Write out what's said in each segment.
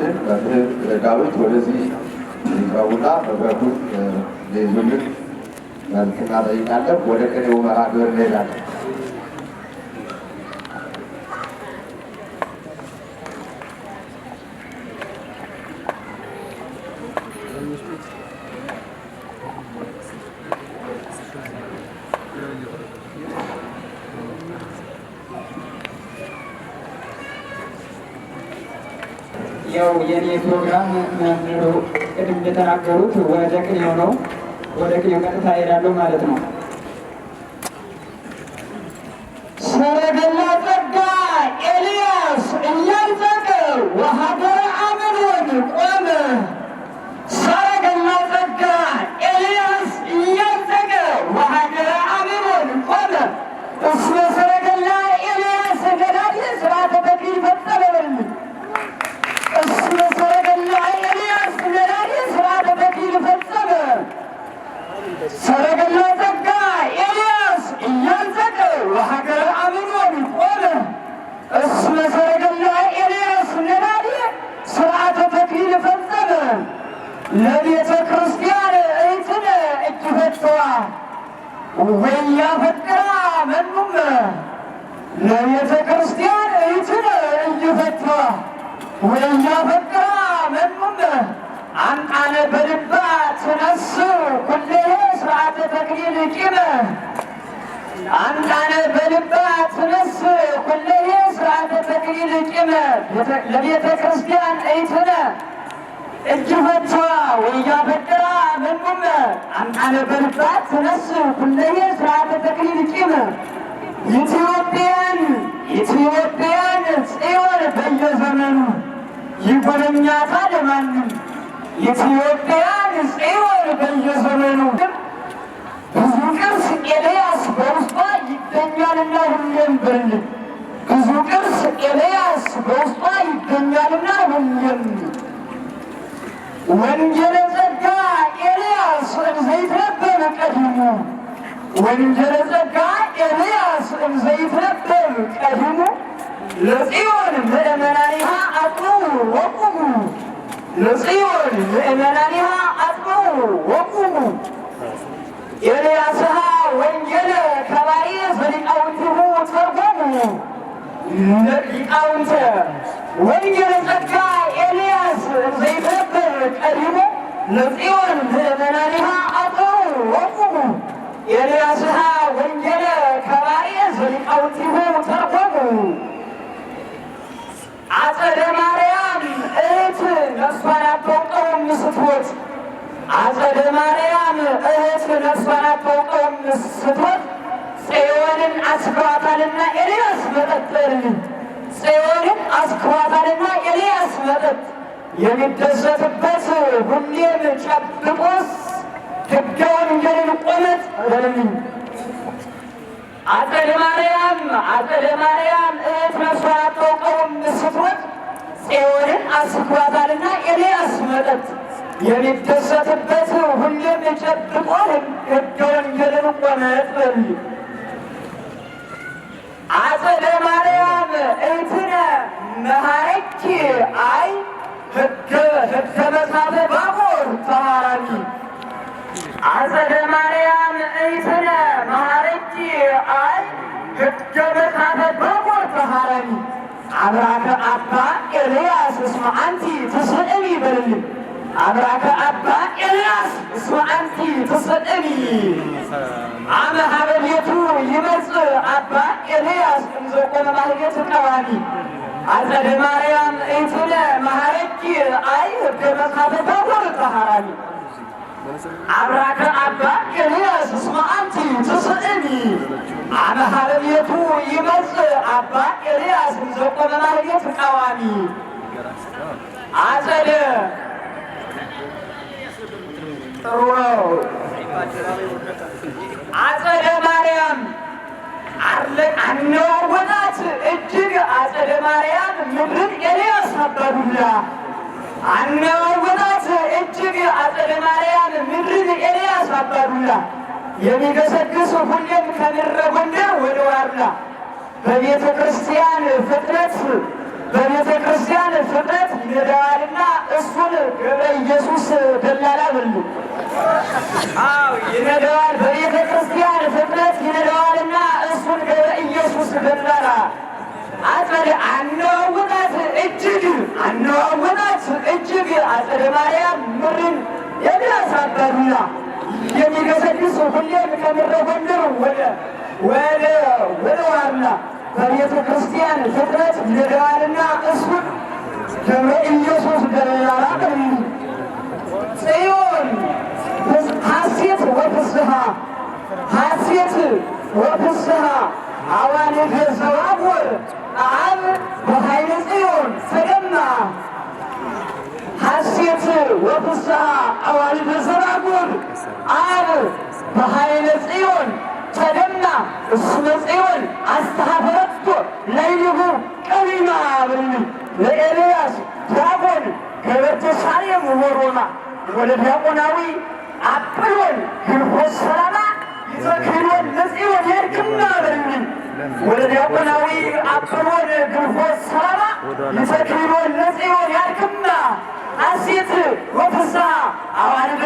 ወንድማችን መምህር ዳዊት ወደዚህ ሊቀቡና መብረቱን ሊይዙልን መልክና ጠይቃለን። ወደ ቅኔው ግብር እንሄዳለን። ያው የኔ ፕሮግራም እንደተናገሩት ወደ ቅኔው ነው። ወደ ቅኔው ቀጥታ እሄዳለሁ ማለት ነው። ወደዛ በቃ መኑነ አንቃነ በልባ ትነሱ ኩልየ ስርዓተ ተክሊል ቂመ አንቃነ በልባ ትነሱ ኩልየ ስርዓተ ተክሊል ቂመ ለቤተ ክርስቲያን እይትነ እጅ ፈቷ ወያ በድራ መኑነ አንቃነ በልባ ትነሱ ኩልየ ስርዓተ ተክሊል ቂመ ኢትዮጵያን ኢትዮጵያን ጽዮን በየዘመኑ ይጎበኛታ ለማንም የኢትዮጵያ ሊቃውንተ ወንጌለ ጸጋ ኤልያስ ዘይተበር ቀዲሞ ለጽዮን ምእመናኒሃ አጥሩ ወቁሙ ኤልያስሃ ወንጌለ ከባርኤዝ ሊቃውንቲሁ ተርጐሙ አጸደ ማርያም እህት ነፍሷን አትወቀውም ስትሞት አጸደ ማርያም እህት ነፍሷን አትወቀውም ስትሞት ጽዮንን አስክሯታልና ኤልያስ መጠጥ ጽዮንን አስክሯታልና ኤልያስ መጠጥ የሚደሰትበት ሁሌም ጨብቆስ ድጋውን እንጀልን ቆመጥ በልልኝ አጸደ ማርያም አጸደ ማርያም እህት መስራት አታውቀውም ስትሮጥ ጽዮንን አስክሯታልና ኤልያስ መጠጥ የሚደሰትበት ሁሌም ጨብቆን ድጋውን እንጀልን ቆመጥ በልልኝ አጸደ ማርያም እትነ መሃረኪ አይ ህገ መሳፈ ባቦር ተሃራኪ አጸደ ማርያም እትነ መሃረኪ አይ ህገ መሳፈ ባቦር ተሃራኒ አብራከ አባ ኤልያስ እስመ አንቲ ትስዕቢ በልልኝ አብራከ አባ ኤልያስ እስመ አንቲ ትስዕቢ አመ ሀበቤቱ ይመጽእ አባ ኤልያስ እምዘቆመ ማሕሌት ቀዋሚ አጸደ ማርያም እትነ ማሐረኪ አይህብ በመካፈታ ወርጥ አብራከ አባ ኤልያስ እስመ አንቲ ትስእኒ አመ ሀበቤቱ ይመጽእ አባ ኤልያስ እምዘቆመ ማሕሌት ቀዋሚ አጸደ ጥሩ ነው። አጸደ ማርያም አነዋወጣት እጅግ አጸደ ማርያም ምድርን ኤልያስ ነበሩላ። አነዋወጣት እጅግ አጸደ ማርያም ምድርን ኤልያስ ነበሩላ። የሚገሰግስ ሁሌም ከምድረ ጎንደር ወደ ዋርላ በቤተ ክርስቲያን ፍጥነት በቤተ ክርስቲያን ፍጥነት ይነዳልና እሱን ገብረ ኢየሱስ ደላላ በሉ። አዎ ይነዳዋል። በቤተ ክርስቲያን ፍጥነት ይነዳዋልና እሱን ገብረ ኢየሱስ ደላላ አጸደ አነዋውጣት እጅግ አነዋውጣት እጅግ አጸደ ማርያም ምርን የሚያሳበዱና የሚገሰግስ ሁሌም ከምረ ጎንደር ወደ ወደ ወደ ዋርና በቤተ ክርስቲያን ፍጥረት ንደዋልና እሱን ገብረ ኢየሱስ ገለላላ ጽዮን ሐሴት ወፍስሐ ሐሴት ወፍስሐ አዋኔፈ ዘዋውር አብ በኃይለ ጽዮን ተገማ ሐሴት ወፍስሐ አዋኔፈ ዘዋውር አብ በኃይለ ጽዮን ተደና እስመ ጽዮን አስተሐፈረቶ ለይሁ ቀሪማ ብንል ለኤልያስ ዲያቆን ገበተሳሌም ወሮማ ወደ ዲያቆናዊ አጵሎን ግንቦት ሰላሳ ይዘክህሎን ለጽዮን ሄድክማ ብንል ወደ ዲያቆናዊ አጵሎን ግንቦት ሰላሳ ይዘክህሎን ለጽዮን ያድክማ አሴት ወፍስሐ አዋርድ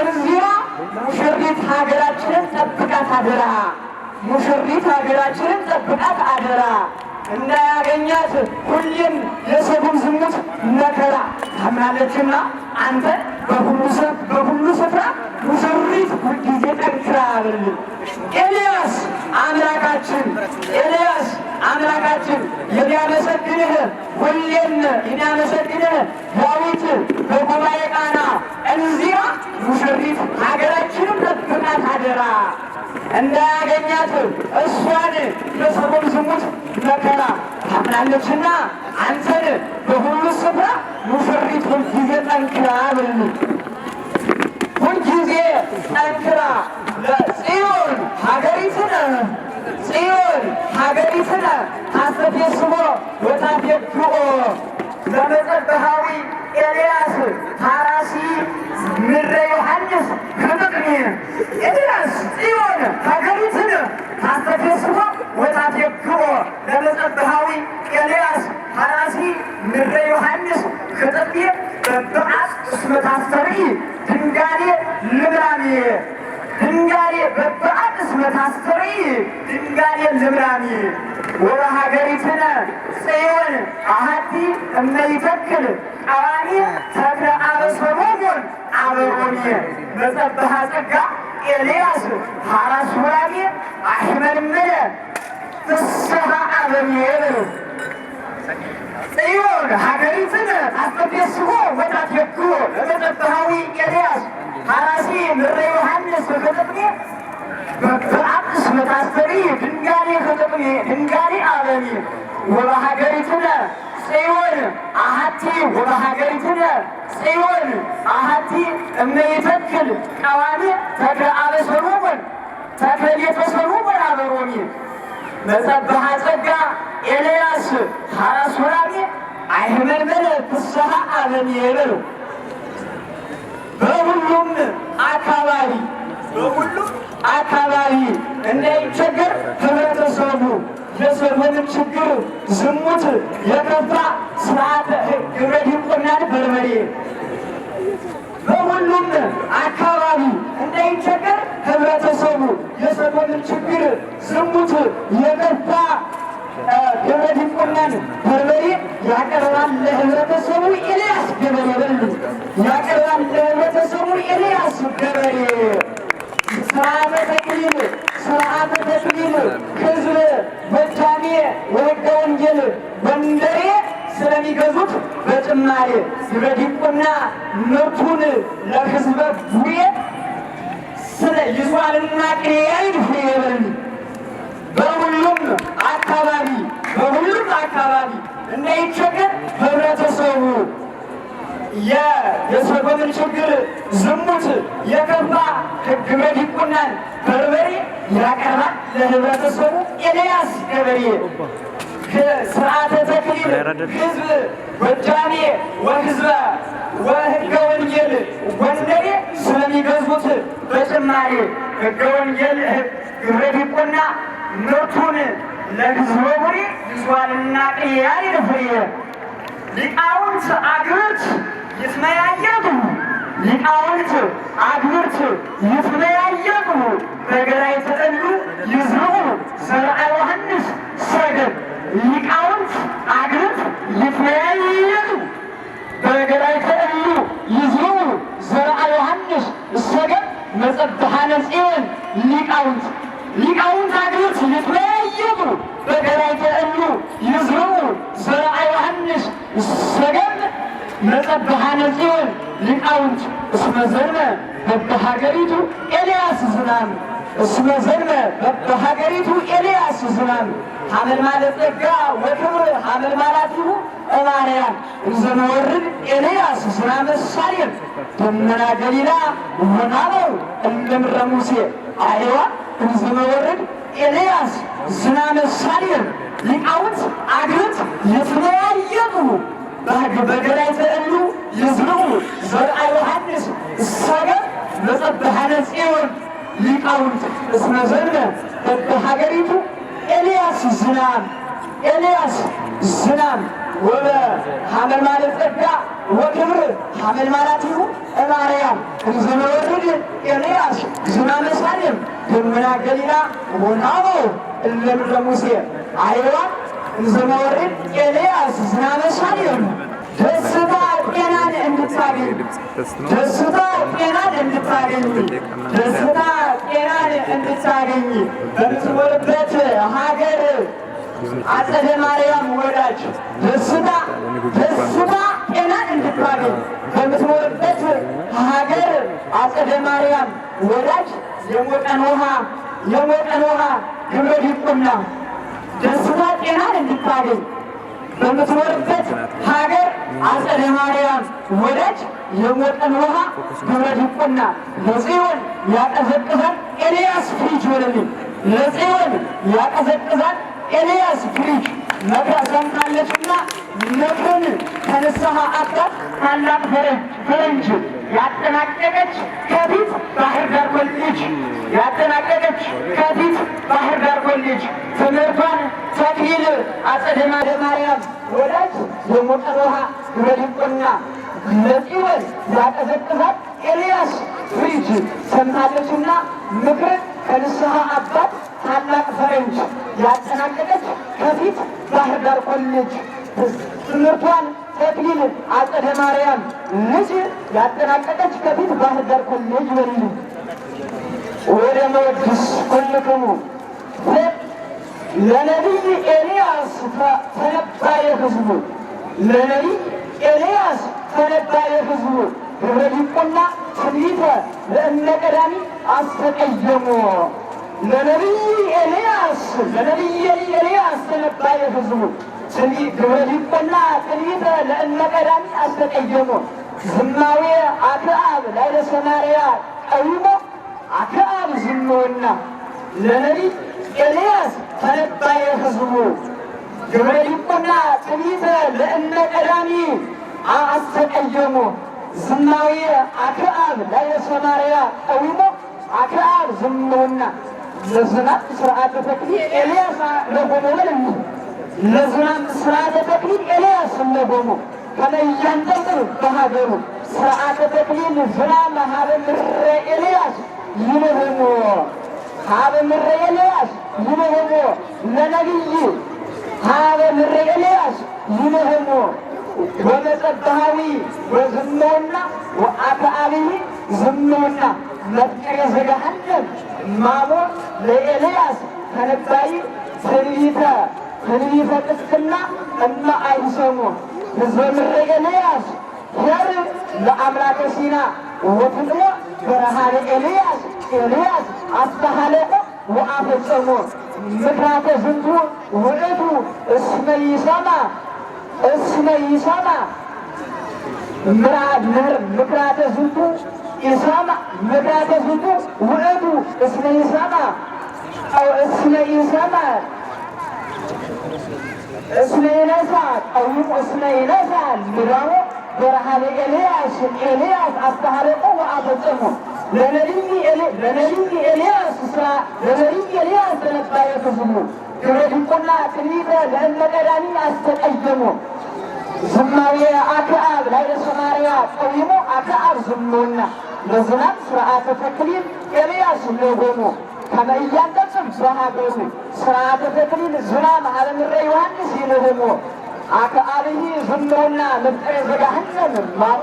እዚያ ሙሽሪት ሀገራችንን ጠብቃት አደራ። ሙሽሪት ሀገራችንን ጠብቃት አደራ። እንዳያገኛት ሁሌም የሰጉን ዝሙት መከራ ታምናለችና አንተ በሁሉ ስፍራ ሙሽሪት ሁልጊዜ ጠንክራ በልን። ኤልያስ አምላካችን ኤልያስ አምላካችን የሚያመሰግንህ ሁሌም የሚያመሰግንህ ዳዊት በጉባኤ ቃና እንዚያ ሙሽሪት ሀገራችንም ለብቃት አደራ እንዳያገኛት እሷን በሰጎን ትሆናለችና አንተን በሁሉ ስፍራ ሙሽሪት ሁልጊዜ ጠንክራ ብሉ ሁልጊዜ ጠንክራ ጽዮን ሀገሪትነ ጽዮን ሀገሪትነ አስተፌስሞ ወታፌግኦ ዘመጸበሃዊ ኤልያስ ሐራሲ ምድረ ዮሐንስ ከመቅኔነ ኤልያስ ጽዮን ሀገሪትነ ታስተፌስቦ ወታቴክቦ ዘመጸበሃዊ ኤልያስ ሐራሲ ምድረ ዮሐንስ ከጠቤ በበዓት እስመ ድንጋሌ ልብራኔ ድንጋሌ በበአል እስመ ታስተሪ ድንጋሌ ልብራሚ ወበሀገሪትነ ጽዮን አሐቲ እመይተክል ቀዋሚ ተክለ አበ ሰሎሞን አበቦኒ ጸጋ ኤልያስ ሐራስ ሁራሜ አሕመድ ፍስሐ አበብየ ጽዮን ሀገሪትን አስተቤስዎ ወታትየክዎ በተጠብሃዊ ኤልያስ አራሲ ምረ ዮሐንስ በተጥኔ በአቅስ መታሰሪ ድንጋኔ ከጥቅኔ ድንጋኔ አበኒ ወበሀገሪትነ ጽዮን አሐቲ ወበሀገሪትነ ጽዮን አሐቲ እመይተክል ቀዋሚ ተክለ አበ ሰሎሞን ተክለ ቤተ ሰሎሞን አበሮሚ መጸብሃ ጸጋ ኤልያስ ሐራስ ወራቤ አይህመልመለ ፍስሐ አበምየ በለው። በሁሉም አካባቢ በሁሉም አካባቢ እንዳይቸገር ህብረተሰቡ የሰሞኑን ችግር ዝሙት፣ የከፋ ስርዓተ ግብረ ዲቁናን በርበሬ በሁሉም አካባቢ እንዳይቸገር ህብረተሰቡ የሰሞኑን ችግር ዝሙት፣ የከፋ ደብረ ዲቁናን በርበሬ ያቀርባል ለህብረተሰቡ ኤልያስ ገበሬ በሉ ያቀርባል ለህብረተሰቡ ኤልያስ ገበሬ ስርዓተ ተክሊል ስርዓተ ተክሊል ህዝብ በጃሜ ወደ ወንጌል በንደሬ ስለሚገዙት በጭማሪ ግብረ ዲቁና ምርቱን ለህዝበ ቡዬ ስለ ይዟልና ቅሬ እንዳይቸገር ህብረተሰቡ የሰጎምን ችግር፣ ዝሙት፣ የከፋ ህግበ ዲቁናን በርበሬ ያቀርባል ለህብረተሰቡ። ኤልያስ ገበሬ ስርዓተ ተክሊል ህዝብ ጎጃሜ ወህዝበ ወህገ ወንጌል ጎንደሬ ስለሚገዙት በጭማሪ ህገ ወንጌል ግብረ ዲቁና ምርቱን ለህዝበ ቡሬ ሊቃውንት አግብርት ይትመያየጡ ሊቃውንት አግብርት ይትመያየጡ በገላ የተጠሉ ይዝሩ ዘርአ ዮሐንስ ሰገድ ሊቃውንት አግብርት ይትመያየጡ በገላ የተጠሉ ይዝሩ ዘርአ ዮሐንስ ሰገድ መጸብሃነ ጽዮን ሊቃውንት ሊቃውንት አገር የተለያየሙ በገራይተ እሉ ይዝሩ ዘርአ ዮሐንስ ሰገም መጸብሃነ ጽዮን ሊቃውንት እስመ ዘርመ በበሀገሪቱ ኤልያስ ዝናም እስመ ዘርመ በበሀገሪቱ ኤልያስ ዝናም ሐመልማለ ጸጋ ወክብር ሐመልማላትሁ እማርያም እንዘመወርድ ኤልያስ ዝናመ ሳሌም ደመና ገሊላ ወናበው እምድምረ ሙሴ አይዋ ከሰማይ ወረድ ኤልያስ ዝናመ ሳድር ሊቃውንት አግብት የተለያየቁ በገላይ ተእሉ ይዝርኡ ዘርአ ዮሐንስ እሳገር መጸብሃነ ጽዮን ሊቃውንት እስመ ዘነ በሀገሪቱ ኤልያስ ዝናም ኤልያስ ዝናም ወበ ሐመል ማለት ጸጋ ወክብር ሐመል ማለት ይሁ እማርያም እንዘመወርድ ኤልያስ ዝናመ ደመና ገሊላ ወናቦ እለምደ ሙሴ አይዋ እንዘመወርድ ኤልያስ ዝናመሳል ይሆኑ ደስታ ጤናን እንድታገኝ ደስታ ጤናን እንድታገኝ ደስታ ጤናን እንድታገኝ በምትኖርበት ሀገር አጸደ ማርያም ወዳጅ ደስታ ደስታ ጤናን እንድታገኝ በምትኖርበት ሀገር አጸደ ማርያም ወዳጅ የሞቀን ውሃ የሞቀን ውሃ ግብረ ዲቁና ደስታ ጤናን እንድታገኝ በምትኖርበት ሀገር አጸደ ማርያም ወዳጅ የሞቀን ውሃ ግብረ ዲቁና ለጽዮን ያቀዘቅዛል ኤልያስ ፍሪጅ ወለልን ለጽዮን ያቀዘቅዛል ኤልያስ ፍሪጅ መከራ ሰምታለችና ምክርን ከንስሐ አጣት ታላቅ ፈረንጅ ያጠናቀቀች ከፊት ባህር ዳር ኮሌጅ ያጠናቀቀች ከፊት ባህር ዳር ኮሌጅ ትምህርቷን ተክሊል አጸደ ማርያም ወዳጅ የሞቀ ውሃ ረድቆና ለጽዮን ያቀዘቅዛት ኤልያስ ፍሪጅ ሰምታለችና ምክርን ከንስሐ አባት ታላቅ ፈረንጅ ያጠናቀቀች ከፊት ባህር ዳር ኮሌጅ ትምህርቷን ተክሊል አጸደ ማርያም ንጭ ያጠናቀቀች ከፊት ባህር ዳር ኮሌጅ በሉ ወደ መወድስ ኩልክሙ ለነቢይ ኤልያስ ተነባየ ህዝቡ ለነቢይ ኤልያስ ተነባየ ህዝቡ ግብረ ዲቁና ትንቢተ ለእነ ቀዳሚ አስተቀየሙ ለነቢይ ኤልያስ ለነቢይ ኤልያስ ተነባየ ህዝቡ ትንቢት ወዲቆላ ትንቢት ለእነቀዳሚ አስተቀየሙ ዝማዌ አክአብ ላይለ ሰማርያ ቀዊሞ አክአብ ዝምውና ለነቢይ ኤልያስ ተነባየ ህዝቡ ግብረዲቁና ትንቢት ለእነቀዳሚ አስተቀየሙ ዝማዌ አክአብ ላይለ ሰማርያ ቀዊሞ አክአብ ዝምውና ለዝናብ ስርዓተ ተክሊ ኤልያስ ለሆነ ወለ ስርዓተ ተክሊል ኤልያስ እምለጎሙ ከመያንጠጥር በሀገሩ ስርዓተ ተክሊል ዝራ ሀበ ምድረ ኤልያስ ይነሆሞ ሀበ ምድረ ኤልያስ ይነሆሞ ለነቢይ ሀበ ኤልያስ ይነሆሞ ወመጸባሃዊ ወዝመውና ወአተአብይ ዝምውና መፍቅሬ ዘገሃነም ማሞ ለኤልያስ ተነባይ ትንቢተ ትንቢተ ቅስቅና እማ አይሰሙ ህዝበ ምድረ ኤልያስ ሄር ለአምላከ ሲና ወትብሎ በረሃለ ኤልያስ ኤልያስ አስተሃለቀ ወአፈጸሞ ምክራተ ዝንቱ ውዕቱ እስመ ይሰማ እስመ ይሰማ ምክራተ ዝንቱ ይሰማ ምክራተ ዝንቱ ውዕቱ እስመ ይሰማ እስመ ይሰማ اسمي نزال او يوم اسمي نزال مدارو برهان الياس الياس افتحرقه وابطمه لنريني لنريني الياس اسرا لنريني الياس لنبايا تزمه كريم قلنا قريبا لان لقراني استقيمه زماوية اكعاب غير سماريات قويمه اكعاب زمونا لزنان سرعات تكريم الياس اللي قومه ከመያለጽም ዘሀገሩ ስርዓተ ተክሊል ዙና ማለምረ ዮሐንስ ይልህሞ አከአብይ ዝምሩና መፍጠሬ ዘጋህነም ማሞ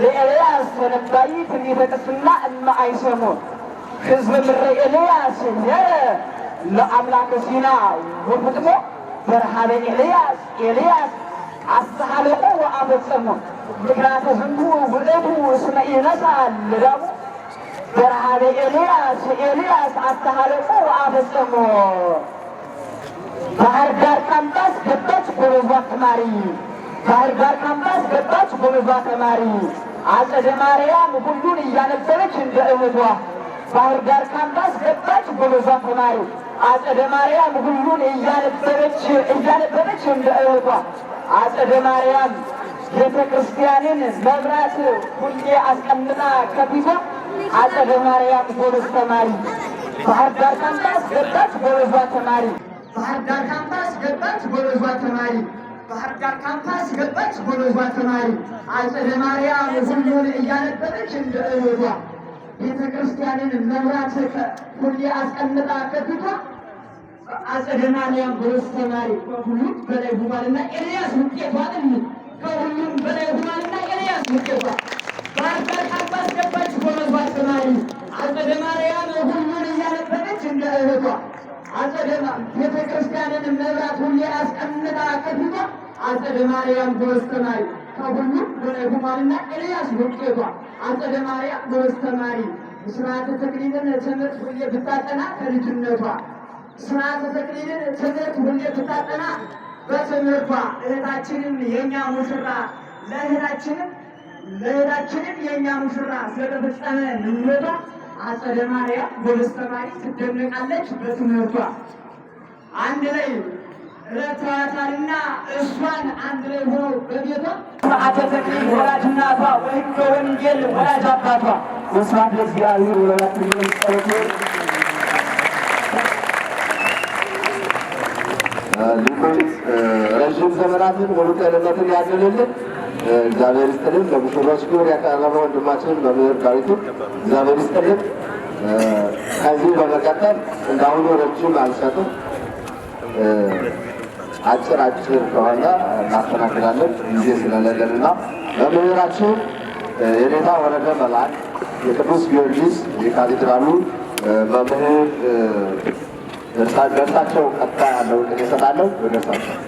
ለኤልያስ ተነባይ ትንቢተ ቅስና እማ አይሰሙ ሕዝብ ምረ ኤልያስ ዘረ ለአምላከ ሲና ወፍጥሞ በረሃበ ኤልያስ ኤልያስ አስተሐለቁ ወአፈጸሙ ምክንያተ ዝንቱ ውእቱ እስመ ኢነሳ ልዳሙ በረሃበ ኤልያስ ኤልያስ አስተሃለቆ አፈጸሞ ባህር ዳር ካምፓስ ገባች ጎበዟ ተማሪ ባህር ዳር ካምፓስ ገባች ጎበዟ ተማሪ አጸደ ማርያም ሁሉን እያነበበች እንደ እህቷ ባህር ዳር ካምፓስ ገባች ጎበዟ ተማሪ አጸደ ማርያም ሁሉን እያነበበች እያነበበች እንደ እህቷ አጸደ ማርያም ቤተ ክርስቲያንን መብራት ሁሌ አስቀምጣ ከፊቷ አጸደ ማርያም ጎበዝ ተማሪ፣ ባህር ዳር ካምፓስ ገባች ጎበዟ ተማሪ፣ ባህር ዳር ካምፓስ ገባች ጎበዟ ተማሪ፣ ባህር ዳር ካምፓስ ገባች ጎበዟ ተማሪ። አጸደ ማርያም ሁሉን እያነበበች እንደ እህቷ ቤተ ክርስቲያንን መብራት ሁሌ አስቀምጣ ከፊቷ አጸደ ማርያም ጎበዝ ተማሪ። ከሁሉም በላይ ሁማልና ኤልያስ ውጤቷ ከሁሉም በላይ ሁማልና ኤልያስ ውጤቷ አጸደ ማርያም ሁሉን እያነበበች እንደ እህቷ አጸደ ቤተክርስቲያንን መብራት ሁሌ አስቀምጣ ከፊቷ አጸደ ማርያም ጎበዝተማሪ ከሁሉ ሁማንና ኤልያስ ውጤቷ አጸደ ማርያም ጎበዝተማሪ ስርዓተ ተክሊልን ትምህርት ሁሌ ብታጠና ከልጅነቷ ስርዓተ ተክሊልን ትምህርት ሁሌ ብታጠና በትምህርቷ እህታችንም የእኛ ሙሽራ ለእህታችንም ለእህታችንም የእኛ ሙሽራ ስለተፈጸመ ምኞቷ አጸደ ማርያም ጎበዝ ተማሪ ትደነቃለች በትምህርቷ። አንድ ላይ ረድተዋታልና እሷን አንድ ላይ ሆነው በቤቷ ስርዓተ ተክሊል ወላጅ እናቷ ወህገ ወንጌል ወላጅ አባቷ መስዋዕት ለእግዚአብሔር ወላት ጸሎት ረዥም ዘመናትን ሙሉ ጤንነትን ያገልልን እግዚአብሔር ይስጥልን። ለሙሽሮች ግብር ያቀረበ ወንድማችን በምር ዳዊቱ እግዚአብሔር ይስጥልን። ከዚህ በመቀጠል እንዳሁኑ ረጅም አልሰጥም። አጭር አጭር ከሆነ እናስተናግዳለን ጊዜ ስለሌለን መምህራችን የኔታ ወረደ መልአክ የቅዱስ ጊዮርጊስ የካቴድራሉ መምህር እርሳቸው ቀጥታ ያለው እቅድ ይሰጣለሁ ወደ እርሳቸው